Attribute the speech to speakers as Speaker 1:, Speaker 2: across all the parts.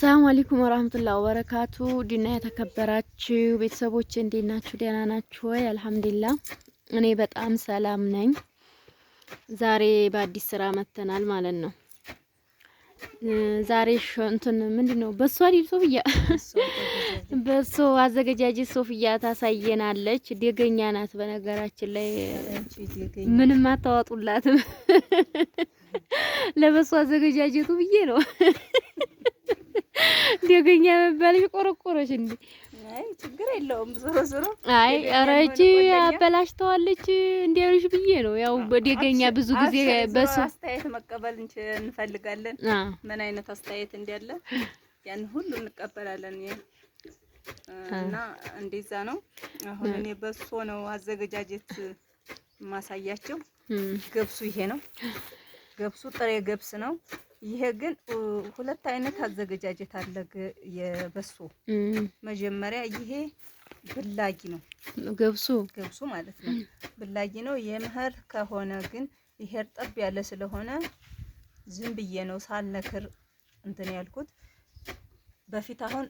Speaker 1: ሰላም አለይኩም ወራህመቱላሂ ወበረካቱ። ዲና የተከበራችሁ ቤተሰቦች እንዴት ናችሁ? ደህና ናችሁ ወይ? አልሐምዱሊላህ እኔ በጣም ሰላም ነኝ። ዛሬ በአዲስ ስራ መተናል ማለት ነው። ዛሬ ሾንቱን ምንድን ነው በሶ አይደል ሶፍያ፣ በሶ አዘገጃጀት ሶፍያ ታሳየናለች። ደገኛ ናት። በነገራችን ላይ ምንም አታዋጡላትም ለበሶ አዘገጃጀቱ ብዬ ነው ደገኛ መባልሽ ቆረቆረሽ እንዴ?
Speaker 2: አይ ችግር የለውም ዞሮ ዞሮ
Speaker 1: አይ አረጂ አበላሽተዋለች እንዲያልሽ ብዬ ነው። ያው ደገኛ ብዙ ጊዜ በሱ
Speaker 2: አስተያየት መቀበል እንፈልጋለን። ምን አይነት አስተያየት እንዲያለ ያን ሁሉ እንቀበላለን። እና እንደዛ ነው። አሁን እኔ በሶ ነው አዘገጃጀት ማሳያቸው። ገብሱ ይሄ ነው። ገብሱ ጥሬ ገብስ ነው። ይሄ ግን ሁለት አይነት አዘገጃጀት አለ። የበሶ መጀመሪያ ይሄ ብላጊ ነው፣ ገብሱ ገብሱ ማለት ነው። ብላጊ ነው። የመኸር ከሆነ ግን ይሄ እርጠብ ያለ ስለሆነ ዝም ብዬ ነው ሳልነክር እንትን ያልኩት። በፊት አሁን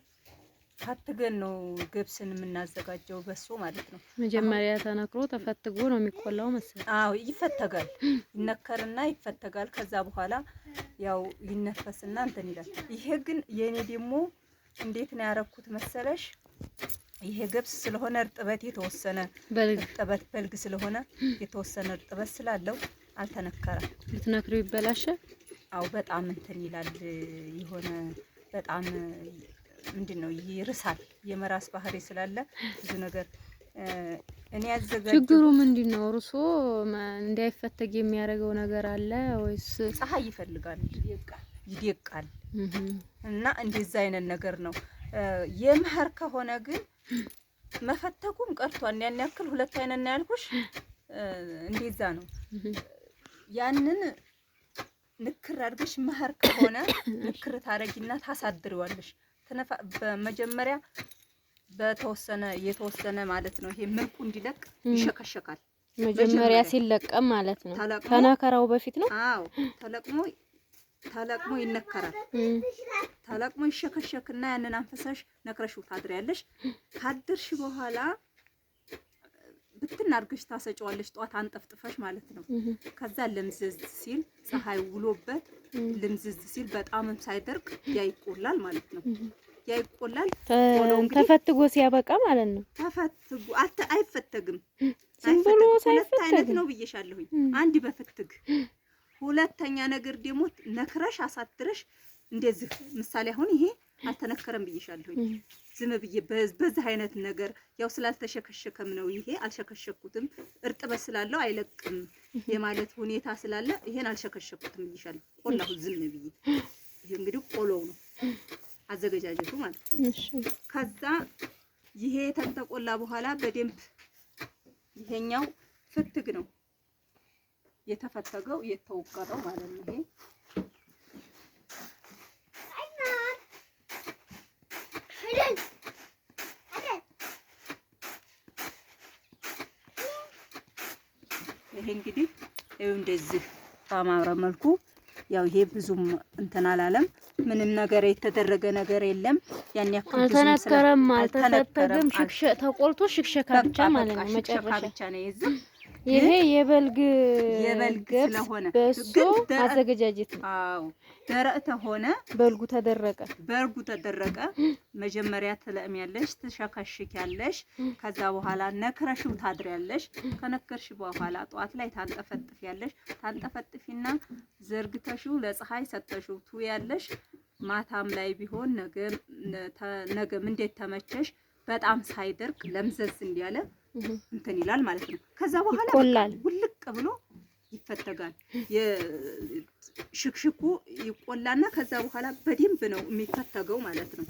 Speaker 2: ፈትገን ነው ገብስን የምናዘጋጀው፣ በሶ ማለት ነው።
Speaker 1: መጀመሪያ ተነክሮ ተፈትጎ ነው የሚቆላው መሰለኝ።
Speaker 2: አዎ ይፈተጋል፣ ይነከርና ይፈተጋል። ከዛ በኋላ ያው ይነፈስና እንትን ይላል። ይሄ ግን የኔ ደግሞ እንዴት ነው ያረኩት መሰለሽ? ይሄ ገብስ ስለሆነ እርጥበት የተወሰነ እርጥበት በልግ ስለሆነ የተወሰነ እርጥበት ስላለው አልተነከረም።
Speaker 1: ልትነክሪው ይበላሻል።
Speaker 2: አው በጣም እንትን ይላል። የሆነ በጣም ምንድን ነው ይርሳል። የመራስ ባህሪ ስላለ ብዙ ነገር
Speaker 1: ችግሩ ምንድን ነው? እርሶ እንዳይፈተግ የሚያደርገው ነገር አለ ወይስ
Speaker 2: ፀሐይ ይፈልጋል? ይደቃል እና እንደዛ አይነት ነገር ነው። የመኸር ከሆነ ግን መፈተጉም ቀርቷል። ያን ያክል ሁለት አይነት ነው ያልኩሽ፣ እንደዛ ነው። ያንን ንክር አድርገሽ መኸር ከሆነ ንክር ታረጊና ታሳድሪዋለሽ። በመጀመሪያ በተወሰነ የተወሰነ ማለት ነው። ይሄ ምርኩ እንዲለቅ ይሸከሸካል።
Speaker 1: መጀመሪያ ሲለቀም ማለት ነው። ከነከራው በፊት ነው።
Speaker 2: አዎ ተለቅሞ ተለቅሞ ይነከራል። ተለቅሞ ይሸከሸክና ያንን አንፈሳሽ ነክረሽው ታድሪያለሽ። ካድርሽ በኋላ ብትን አድርገሽ ታሰጨዋለሽ። ጠዋት አንጠፍጥፈሽ ማለት ነው። ከዛ ልምዝዝ ሲል ፀሐይ ውሎበት ልምዝዝ ሲል በጣምም ሳይደርቅ ያይቆላል ማለት ነው። ያ ይቆላል።
Speaker 1: ተፈትጎ ሲያበቃ ማለት ነው።
Speaker 2: ተፈትጎ አይፈተግም።
Speaker 1: ሲምብሎ ሁለት
Speaker 2: አይነት ነው ብዬሻለሁኝ። አንድ በፍትግ ሁለተኛ ነገር ደግሞ ነክረሽ አሳድረሽ እንደዚህ ምሳሌ አሁን ይሄ አልተነከረም ብዬሻለሁኝ። ዝም ብዬ በዚህ አይነት ነገር ያው ስላልተሸከሸከም ነው። ይሄ አልሸከሸኩትም፣ እርጥበት ስላለው አይለቅም የማለት ሁኔታ ስላለ ይሄን አልሸከሸኩትም ብዬሻለሁ። ቆላሁ ዝም ብዬ ይሄ እንግዲህ ቆሎው ነው። አዘገጃጀቱ ማለት ነው። ከዛ ይሄ ተንተቆላ በኋላ በደንብ ይሄኛው ፍትግ ነው የተፈተገው የተወቀረው ማለት ነው። ይሄ ይሄ እንግዲህ እንደዚህ በአማረ መልኩ ያው ይሄ ብዙም እንትን አላለም። ምንም ነገር የተደረገ ነገር የለም። ያን ያክል አልተነከረም፣
Speaker 1: አልተፈተገም። ሽክሸ ተቆልቶ ሽክሸካ ብቻ ማለት ነው
Speaker 2: መጨረሻ ብቻ ነው የዚህ
Speaker 1: ይሄ የበልግ የበልግ ስለሆነ በሱ አዘገጃጀት ነው። አዎ ደረቅ በልጉ ተደረቀ
Speaker 2: በልጉ ተደረቀ። መጀመሪያ ትለእም ያለሽ ትሸከሽክ ያለሽ ከዛ በኋላ ነክረሽው ታድር ያለሽ ከነከርሽ በኋላ ጠዋት ላይ ታንጠፈጥፍ ያለሽ ታንጠፈጥፊና ዘርግተሽው ለፀሐይ ሰጠሽው ቱ ያለሽ ማታም ላይ ቢሆን ነገ ነገም እንዴት ተመቸሽ በጣም ሳይደርቅ ለምዘዝ እንዲያለ እንትን ይላል ማለት ነው። ከዛ በኋላ ውልቅ ብሎ ይፈተጋል። ሽክሽኩ ይቆላና ከዛ በኋላ በደንብ ነው የሚፈተገው ማለት ነው።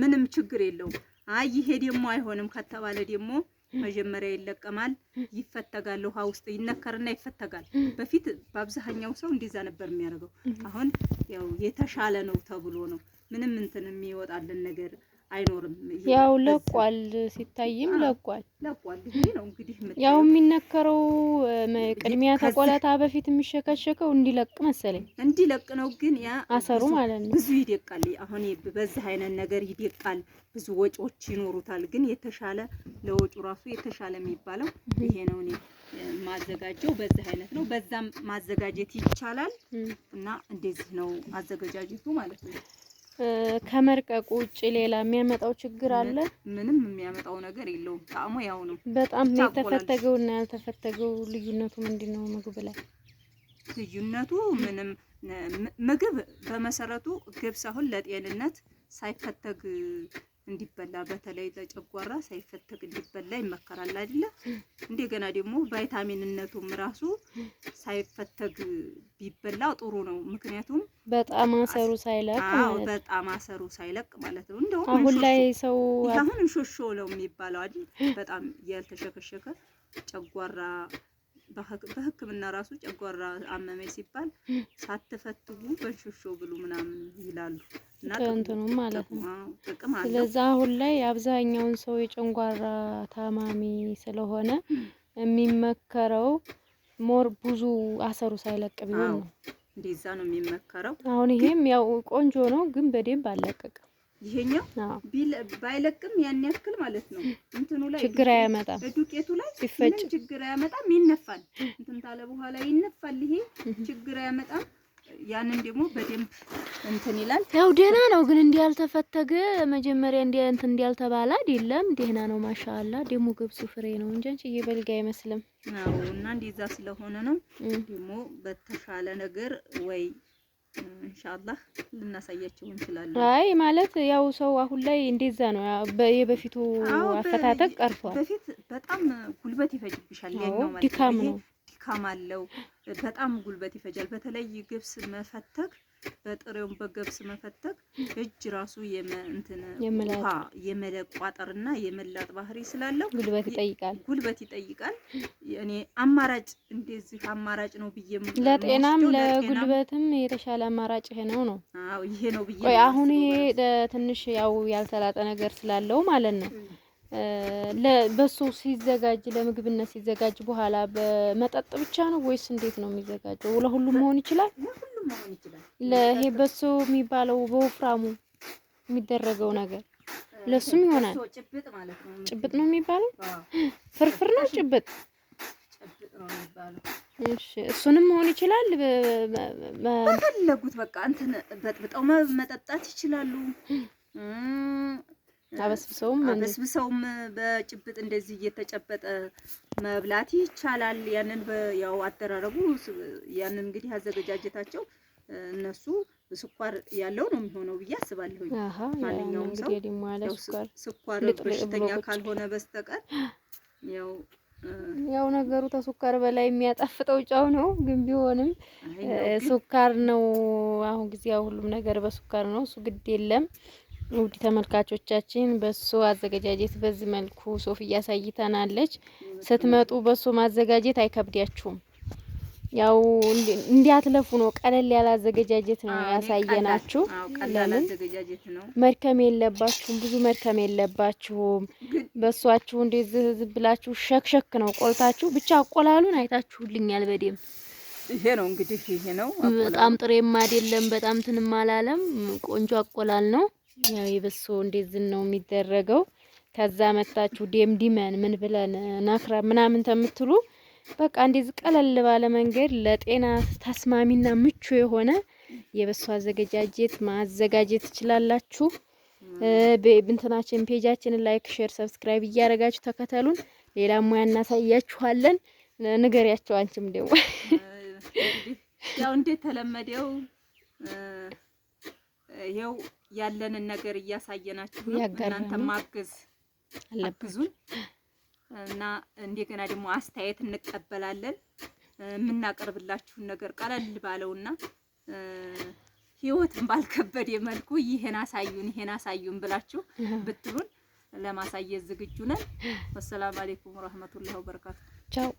Speaker 2: ምንም ችግር የለውም። አይ ይሄ ደግሞ አይሆንም ከተባለ ደግሞ መጀመሪያ ይለቀማል፣ ይፈተጋል። ውሃ ውስጥ ይነከርና ይፈተጋል። በፊት በአብዛኛው ሰው እንዲዛ ነበር የሚያደርገው። አሁን ያው የተሻለ ነው ተብሎ ነው ምንም እንትን የሚወጣልን ነገር አይኖርም።
Speaker 1: ያው ለቋል፣ ሲታይም ለቋል ያው የሚነከረው ቅድሚያ ተቆላታ በፊት የሚሸከሸከው እንዲለቅ መሰለኝ
Speaker 2: እንዲለቅ ነው። ግን ያ
Speaker 1: አሰሩ ማለት ነው
Speaker 2: ብዙ ይደቃል። አሁን በዚህ አይነት ነገር ይደቃል፣ ብዙ ወጪዎች ይኖሩታል። ግን የተሻለ ለወጩ ራሱ የተሻለ የሚባለው ይሄ ነው። እኔ ማዘጋጀው በዚህ አይነት ነው። በዛም ማዘጋጀት ይቻላል እና እንደዚህ ነው አዘገጃጀቱ ማለት ነው።
Speaker 1: ከመርቀቁ ውጭ ሌላ የሚያመጣው ችግር አለ?
Speaker 2: ምንም የሚያመጣው ነገር የለውም። ጣዕሙ ያው ነው።
Speaker 1: በጣም የተፈተገው እና ያልተፈተገው ልዩነቱ ምንድን ነው? ምግብ ላይ
Speaker 2: ልዩነቱ ምንም። ምግብ በመሰረቱ ግብ አሁን ለጤንነት ሳይፈተግ እንዲበላ በተለይ ለጨጓራ ሳይፈተግ እንዲበላ ይመከራል አይደለ? እንደገና ደግሞ ቫይታሚንነቱም ራሱ ሳይፈተግ ቢበላው ጥሩ ነው። ምክንያቱም
Speaker 1: በጣም አሰሩ ሳይለቅ ማለት በጣም አሰሩ ሳይለቅ ማለት ነው። እንደውም አሁን ላይ ሰው
Speaker 2: አሁን እንሾሾ ነው የሚባለው አይደል? በጣም ያልተሸከሸከ ጨጓራ በሕክምና ራሱ ጨጓራ አመመኝ ሲባል ሳትፈትጉ በእንሾሾ ብሉ ምናምን ይላሉ።
Speaker 1: ጥንትኑ ማለት ነው። ስለዚህ አሁን ላይ አብዛኛውን ሰው የጨንጓራ ታማሚ ስለሆነ የሚመከረው ሞር ብዙ አሰሩ ሳይለቅ ቢሆን ነው።
Speaker 2: እንደዛ ነው የሚመከረው።
Speaker 1: አሁን ይሄም ያው ቆንጆ ነው፣ ግን በደንብ አልለቀቅም።
Speaker 2: ይሄኛው ባይለቅም ያን ያክል ማለት ነው
Speaker 1: እንትኑ ላይ ችግር አያመጣም።
Speaker 2: ዱቄቱ ላይ ሲፈጭ ችግር አያመጣም፣ ይነፋል። እንትን ታለ በኋላ ይነፋል። ይሄ ችግር አያመጣም። ያንን ደግሞ በደንብ እንትን ይላል።
Speaker 1: ያው ደህና ነው ግን እንዲህ ያልተፈተገ መጀመሪያ እንዲህ እንትን እንዲህ ያልተባለ አይደለም። ደህና ነው ማሻአላ። ደግሞ ገብሱ ፍሬ ነው እንጂ አንቺ ይበልጋ አይመስልም።
Speaker 2: አዎ እና እንደዛ ስለሆነ ነው ደግሞ በተሻለ ነገር ወይ ኢንሻአላህ ልናሳያቸው እንችላለን።
Speaker 1: አይ ማለት ያው ሰው አሁን ላይ እንደዛ ነው። የበፊቱ አፈታተቅ ቀርቷል። በፊት
Speaker 2: በጣም ጉልበት ይፈጅብሻል። ያኛው ማለት ድካም ነው ድካም አለው። በጣም ጉልበት ይፈጃል። በተለይ ገብስ መፈተግ በጥሬውን በገብስ መፈተግ እጅ ራሱ የእንትን ውሃ የመለቋጠርና የመላጥ ባህሪ ስላለው
Speaker 1: ጉልበት ይጠይቃል
Speaker 2: ጉልበት ይጠይቃል። እኔ አማራጭ እንደዚህ አማራጭ ነው ብዬ
Speaker 1: ለጤናም ለጉልበትም የተሻለ አማራጭ ይሄ ነው ነው ይሄ ነው ብዬ አሁን ይሄ ትንሽ ያው ያልተላጠ ነገር ስላለው ማለት ነው በሶ ሲዘጋጅ ለምግብነት ሲዘጋጅ በኋላ በመጠጥ ብቻ ነው ወይስ እንዴት ነው የሚዘጋጀው? ለሁሉም መሆን ይችላል። ለይሄ በሶ የሚባለው በወፍራሙ የሚደረገው ነገር ለሱም ይሆናል። ጭብጥ ነው የሚባለው። ፍርፍር ነው ጭብጥ። እሺ እሱንም መሆን ይችላል።
Speaker 2: በፈለጉት በቃ እንትን በጥብጠው መጠጣት ይችላሉ። አበስብሰውም አበስብሰውም በጭብጥ እንደዚህ እየተጨበጠ መብላት ይቻላል። ያንን ያው አደራረቡ ያንን እንግዲህ አዘገጃጀታቸው እነሱ ስኳር ያለው ነው የሚሆነው ብዬ አስባለሁ።
Speaker 1: ማንኛውም ሰው
Speaker 2: ስኳር በሽተኛ ካልሆነ በስተቀር
Speaker 1: ያው ያው ነገሩ ከሱካር በላይ የሚያጣፍጠው ጨው ነው። ግን ቢሆንም ሱካር ነው። አሁን ጊዜ ሁሉም ነገር በሱካር ነው። እሱ ግድ የለም። ውድ ተመልካቾቻችን በሶ አዘገጃጀት በዚህ መልኩ ሶፍያ አሳይታናለች። ስትመጡ በሶ ማዘጋጀት አይከብዳችሁም። ያው እንዲያትለፉ ነው። ቀለል ያለ አዘገጃጀት ነው ያሳየናችሁ። ለምን መድከም የለባችሁም፣ ብዙ መድከም የለባችሁም። በሷችሁ እንደዚህ ዝም ብላችሁ ሸክሸክ ነው ቆልታችሁ። ብቻ አቆላሉን አይታችሁልኛል በደምብ።
Speaker 2: ይሄ ነው እንግዲህ ይሄ ነው።
Speaker 1: በጣም ጥሬም አይደለም፣ በጣም ትንም አላለም። ቆንጆ አቆላል ነው። ያው የበሶ እንደዚህ ነው የሚደረገው። ከዛ መታችሁ ደምድመን ምን ብለን ናክራ ምናምን ተምትሉ በቃ እንደዚህ ቀለል ባለ መንገድ ለጤና ተስማሚና ምቹ የሆነ የበሶ አዘገጃጀት ማዘጋጀት ትችላላችሁ። በእንትናችን ፔጃችንን ላይክ፣ ሼር፣ ሰብስክራይብ እያደረጋችሁ ተከተሉን። ሌላ ሙያ እናሳያችኋለን። ንገሪያቸው አንቺም ደግሞ
Speaker 2: ያው እንደተለመደው ይኸው ያለንን ነገር እያሳየናችሁ ነው። እናንተ ማገዝ አግዙን እና እንደገና ደግሞ አስተያየት እንቀበላለን። የምናቀርብላችሁን ነገር ቀለል ባለውና ህይወትን ባልከበድ መልኩ ይሄን አሳዩን ይሄን አሳዩን ብላችሁ ብትሉን ለማሳየት ዝግጁ ነን። ወሰላም አሌይኩም ወረህመቱላሂ ወበረካቱ።
Speaker 1: ቻው